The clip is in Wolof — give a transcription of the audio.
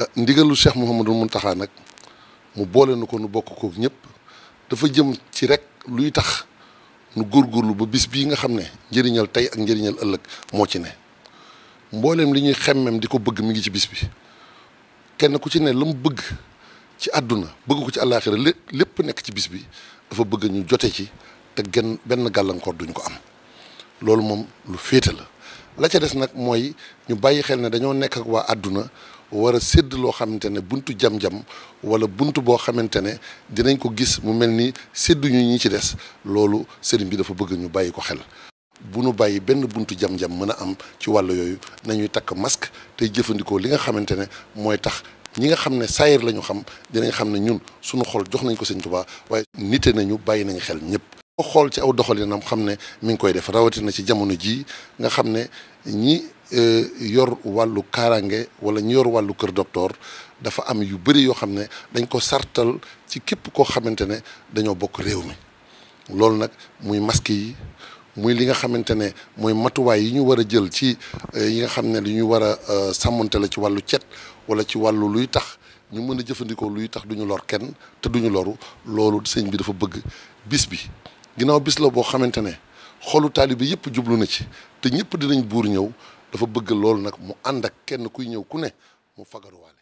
Euh, ndigalu Cheikh Mouhamadul Mountakha nag mu boole na ko nu bokk kook ñëpp dafa jëm ci rek luy tax nu góorgóorlu ba bis bi nga xam ne njëriñal tey ak njëriñal ëllëg moo ci ne mboolem li ñuy xemmem di ko bëgg mi ngi ci bis bi kenn ku ci ne la mu bëgg ci àdduna bëgg ko ci àllaaxira lépp nekk ci bis bi dafa bëgg ñu jote ci te genn benn gàllankoor duñ ko am loolu moom lu féete la la ca des nag mooy ñu bàyyi xel ne dañoo nekk waa àdduna war a sédd loo xamante ne buntu jam-jam wala bunt boo xamante ne dinañ ko gis mu mel ni séddu ñu ñi ci des loolu sëriñ bi dafa bëgg ñu bàyyi ko xel bu nu bàyyi benn buntu jam-jam mën a am ci wàll yooyu nañuy takk masque tey jëfandikoo li nga xamante ne mooy tax ñi nga xam ne saayir la ñu xam dinañ xam ne ñun suñu xol jox nañ ko sëñ Tuubaa waaye nite nañu bàyyi nañ xel ñëpp ko xool ci aw doxalinam xam ne mi ngi koy def rawatina ci jamono jii nga xam ne ñi euh, yor wàllu kaaraange wala ñi yor wàllu kër docteur dafa am yu bëri yoo xam ne dañ ko sartal ci képp koo xamante ne dañoo bokk réew mi loolu nag muy masque yi muy li nga xamante ne mooy matuwaay yi ñu war a jël ci euh, yi nga xam ne li ñu war a euh, sàmmante la ci wàllu cet wala ci wàllu luy tax ñu mën a jëfandikoo luy tax duñu lor kenn te duñu loru loolu sëñ bi dafa bëgg bis bi ginnaaw bis la boo xamante ne xolu taalibe yëpp jublu na ci te ñëpp dinañ buur ñëw dafa bëgg loolu nag mu ànd ak kenn kuy ñëw ku ne mu fagaruwaale